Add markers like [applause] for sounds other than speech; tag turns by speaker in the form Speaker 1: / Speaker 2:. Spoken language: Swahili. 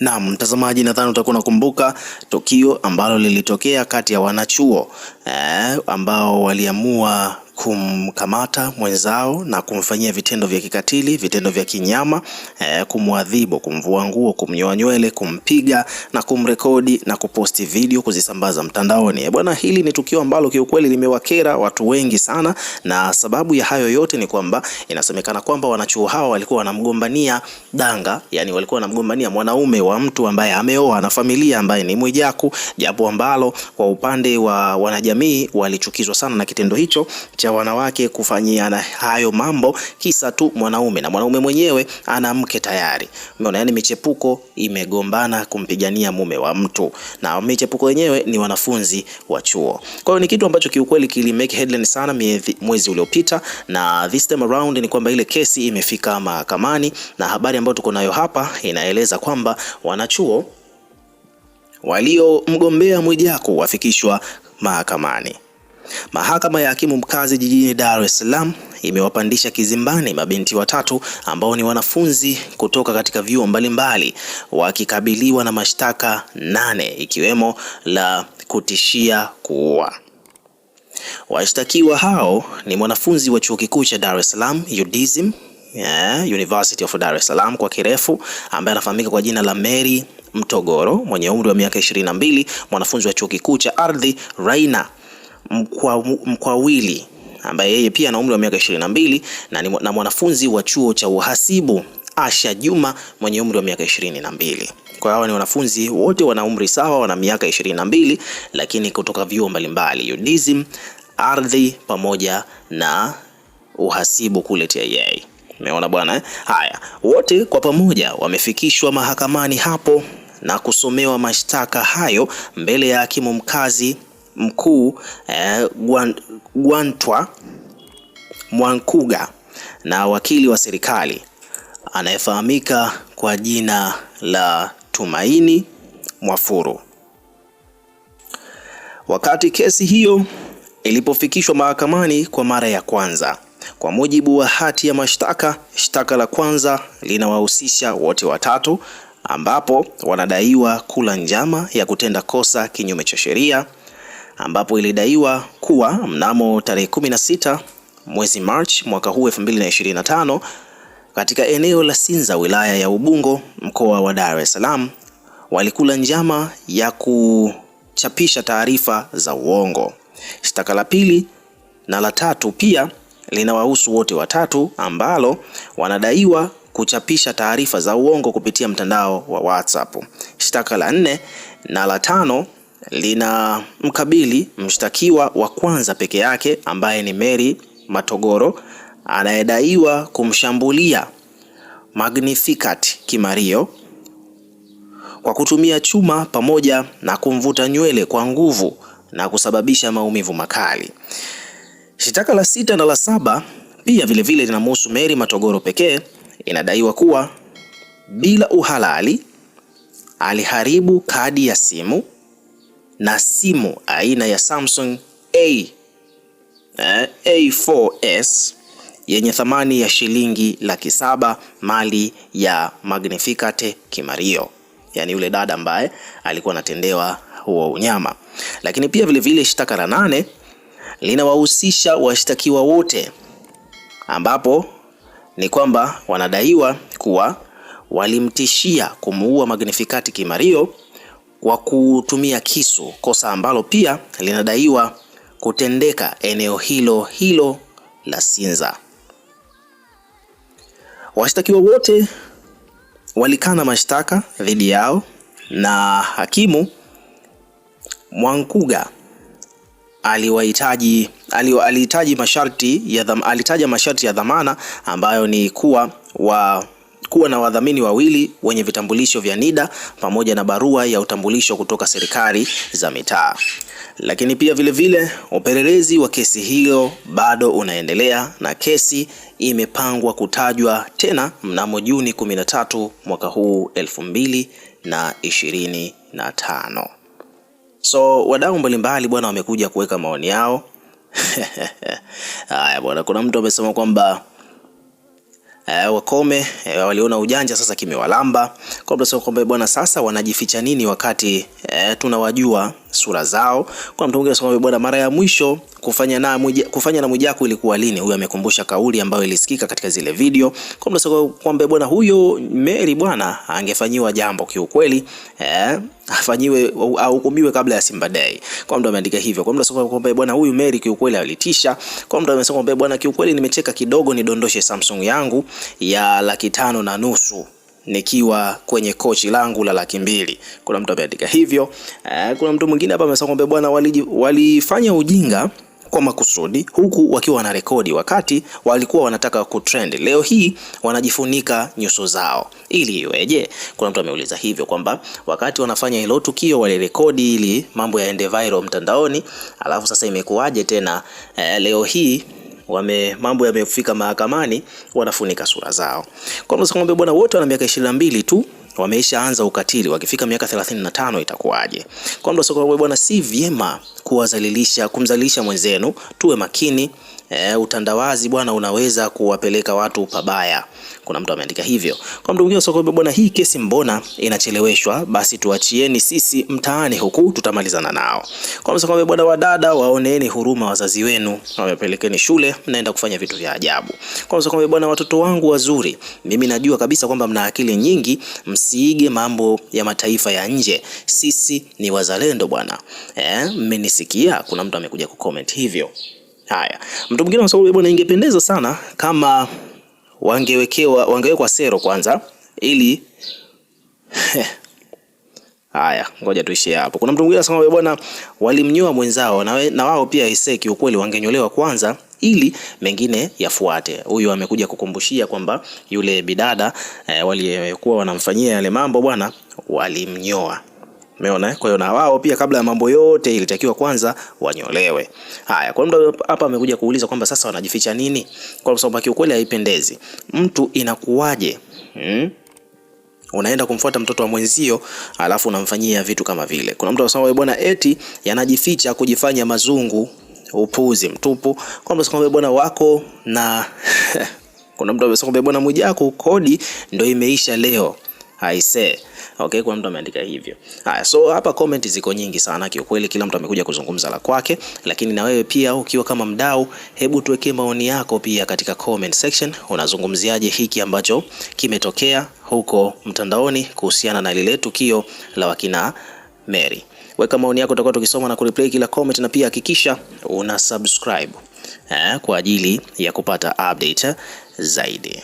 Speaker 1: Naam, mtazamaji, nadhani utakuwa unakumbuka tukio ambalo lilitokea kati ya wanachuo eh, ambao waliamua kumkamata mwenzao na kumfanyia vitendo vya kikatili, vitendo vya kinyama eh, kumwadhibu, kumvua nguo, kumnyoa nywele, kumpiga na kumrekodi na kuposti video kuzisambaza mtandaoni. Eh, bwana, hili ni tukio ambalo kiukweli limewakera watu wengi sana, na sababu ya hayo yote ni kwamba inasemekana kwamba wanachuo hawa walikuwa wanamgombania danga, yani walikuwa wanamgombania mwanaume wa mtu ambaye ameoa na familia ambaye ni Mwijaku, japo ambalo kwa upande wa wanajamii walichukizwa sana na kitendo hicho cha cha wanawake na hayo mambo, kisa tu mwanaume na mwanaume mwenyewe ana mke tayari. Umeona, yani michepuko imegombana kumpigania mume wa mtu, na michepuko yenyewe ni wanafunzi wa chuo. Kwa hiyo ni kitu ambacho kiukweli kili make headline sana mwezi uliopita, na this time around ni kwamba ile kesi imefika mahakamani, na habari ambayo tuko nayo hapa inaeleza kwamba wanachuo waliomgombea Mwijaku wafikishwa mahakamani. Mahakama ya Hakimu Mkazi jijini Dar es Salaam imewapandisha kizimbani mabinti watatu ambao ni wanafunzi kutoka katika vyuo mbalimbali wakikabiliwa na mashtaka nane ikiwemo la kutishia kuua. Washtakiwa hao ni mwanafunzi wa Chuo Kikuu cha Dar es Salaam UDSM, yeah, University of Dar es Salaam kwa kirefu, ambaye anafahamika kwa jina la Mary Mtogoro mwenye umri wa miaka 22, mwanafunzi wa Chuo Kikuu cha Ardhi Raina mkwa, Mkwawili ambaye yeye pia ana umri wa miaka 22 na mbili na mwanafunzi wa chuo cha uhasibu Asha Juma mwenye umri wa miaka 22. Kwa hawa ni wanafunzi wote wana umri sawa, wana miaka 22 lakini kutoka vyuo mbalimbali UDSM, ardhi pamoja na uhasibu kule TIA. Umeona bwana eh? Haya, wote kwa pamoja wamefikishwa mahakamani hapo na kusomewa mashtaka hayo mbele ya hakimu mkazi mkuu eh, Gwantwa Mwankuga na wakili wa serikali anayefahamika kwa jina la Tumaini Mwafuru. Wakati kesi hiyo ilipofikishwa mahakamani kwa mara ya kwanza, kwa mujibu wa hati ya mashtaka, shtaka la kwanza linawahusisha wote watatu ambapo wanadaiwa kula njama ya kutenda kosa kinyume cha sheria ambapo ilidaiwa kuwa mnamo tarehe 16 mwezi March mwaka huu 2025 katika eneo la Sinza wilaya ya Ubungo mkoa wa Dar es Salaam walikula njama ya kuchapisha taarifa za uongo. Shtaka la pili na la tatu pia linawahusu wote watatu, ambalo wanadaiwa kuchapisha taarifa za uongo kupitia mtandao wa WhatsApp. Shtaka la nne na la tano lina mkabili mshtakiwa wa kwanza peke yake ambaye ni Mary Matogoro anayedaiwa kumshambulia Magnificat Kimario kwa kutumia chuma pamoja na kumvuta nywele kwa nguvu na kusababisha maumivu makali. Shitaka la sita na la saba pia vilevile linamhusu Mary Matogoro pekee. Inadaiwa kuwa bila uhalali aliharibu kadi ya simu na simu aina ya Samsung A, eh, A4S yenye thamani ya shilingi laki saba mali ya Magnificate Kimario, yaani yule dada ambaye alikuwa anatendewa huo unyama. Lakini pia vilevile shtaka la nane linawahusisha washtakiwa wote, ambapo ni kwamba wanadaiwa kuwa walimtishia kumuua Magnificate Kimario wa kutumia kisu, kosa ambalo pia linadaiwa kutendeka eneo hilo hilo la Sinza. Washtakiwa wote walikana mashtaka dhidi yao na hakimu Mwankuga aliwahitaji alihitaji masharti ya alitaja masharti ya dhamana ambayo ni kuwa wa kuwa na wadhamini wawili wenye vitambulisho vya NIDA pamoja na barua ya utambulisho kutoka serikali za mitaa. Lakini pia vilevile vile, upelelezi wa kesi hiyo bado unaendelea na kesi imepangwa kutajwa tena mnamo Juni 13 mwaka huu 2025. So wadau mbalimbali bwana wamekuja kuweka maoni yao. [laughs] Haya bwana, kuna mtu amesema kwamba Uh, Wakome uh, waliona ujanja sasa kimewalamba, kwamba bwana, sasa wanajificha nini wakati uh, tunawajua sura zao. Kuna mtu mwingine anasema bwana, mara ya mwisho kufanya na mwijaku, kufanya na mwijaku ilikuwa lini? Huyo amekumbusha kauli ambayo ilisikika katika zile video Kwa mtu anasema kwamba bwana huyo Mary bwana angefanyiwa jambo kiukweli, eh, afanyiwe ahukumiwe kabla ya Simba Day. Kwa mtu ameandika hivyo. Kwa mtu anasema kwamba bwana huyu Mary kiukweli alitisha. Kwa mtu amesema kwamba bwana, kiukweli nimecheka kidogo, nidondoshe Samsung yangu ya laki tano na nusu nikiwa kwenye kochi langu la laki mbili. Kuna mtu ameandika hivyo. Eh, kuna mtu mwingine hapa amesema kwamba bwana, walifanya wali ujinga kwa makusudi huku wakiwa wanarekodi wakati walikuwa wanataka kutrend. Leo hii wanajifunika nyuso zao ili iweje? Kuna mtu ameuliza hivyo kwamba wakati wanafanya hilo tukio walirekodi ili mambo yaende viral mtandaoni, alafu sasa imekuwaje tena eh, leo hii wame mambo yamefika mahakamani, wanafunika sura zao. Kwa hiyo ng'ombe bwana, wote wana miaka ishirini na mbili tu wameishaanza ukatili, wakifika miaka 35 itakuwaje? Kwa mdoso kwa bwana, si vyema kuwazalilisha, kumzalilisha mwenzenu, tuwe makini e, utandawazi bwana unaweza kuwapeleka watu pabaya. Kuna mtu ameandika hivyo. Kwa mtu mwingine soko bwana, hii kesi mbona inacheleweshwa? Basi tuachieni sisi mtaani huku tutamalizana nao. Kwa msoko bwana, wadada waoneeni huruma wazazi wenu, wamepelekeni shule, mnaenda kufanya vitu vya ajabu. Kwa msoko bwana, watoto wangu wazuri, mimi najua kabisa kwamba mna akili nyingi, msiige mambo ya mataifa ya nje. Sisi ni wazalendo bwana. Eh, mmenisikia? Kuna mtu amekuja kucomment hivyo. Haya, mtu mwingine anasema bwana, ingependeza sana kama wangewekewa wangewekwa sero kwanza ili [laughs] Haya, ngoja tuishie hapo. Kuna mtu mwingine anasema bwana, walimnyoa mwenzao na, na wao pia iseki ukweli wangenyolewa kwanza ili mengine yafuate. Huyu amekuja kukumbushia kwamba yule bidada e, waliyekuwa wanamfanyia yale mambo bwana walimnyoa. Umeona? eh? Kwa hiyo na wao pia kabla ya mambo yote ilitakiwa kwanza wanyolewe. Haya, kwa mtu hapa amekuja kuuliza kwamba sasa wanajificha nini? Kwa sababu kwa kiukweli haipendezi. Mtu inakuwaje? Hmm? Unaenda kumfuata mtoto wa mwenzio alafu unamfanyia vitu kama vile. Kuna mtu anasema bwana, eti yanajificha kujifanya mazungu. Upuzi mtupu. Kwa mtu anasema bwana, wako na [laughs] kuna mtu anasema bwana, Mwijaku kodi ndio imeisha leo. Aisee. Okay, kuna mtu ameandika hivyo. Haya, so hapa comment ziko nyingi sana kiukweli, kila mtu amekuja kuzungumza la kwake, lakini na wewe pia ukiwa kama mdau, hebu tuwekee maoni yako pia katika comment section. Unazungumziaje hiki ambacho kimetokea huko mtandaoni kuhusiana na lile tukio la wakina Mary? Weka maoni yako, tutakuwa tukisoma na kureplay kila comment, na pia hakikisha una subscribe eh, kwa ajili ya kupata update zaidi.